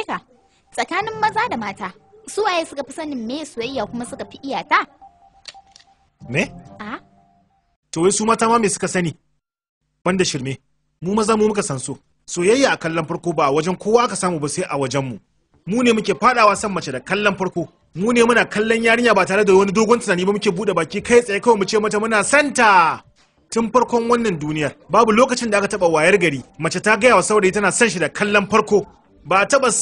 Eka, tsakanin maza da mata, su waye suka fi sanin me soyayya kuma suka fi iyata? Me? A? To wai su mata ma me suka sani? Banda shirme, mu maza mu muka san so. Soyayya a kallon farko ba a wajen kowa aka samu ba sai a wajen mu. Mu ne muke fadawa san mace da kallon farko. Mu ne muna kallon yarinya ba tare da wani dogon tunani ba muke bude baki kai tsaye kawai mu ce mata muna santa. Tun farkon wannan duniyar babu lokacin da aka taba wayar gari mace ta gaya wa saurayi tana son shi da kallon farko ba a taba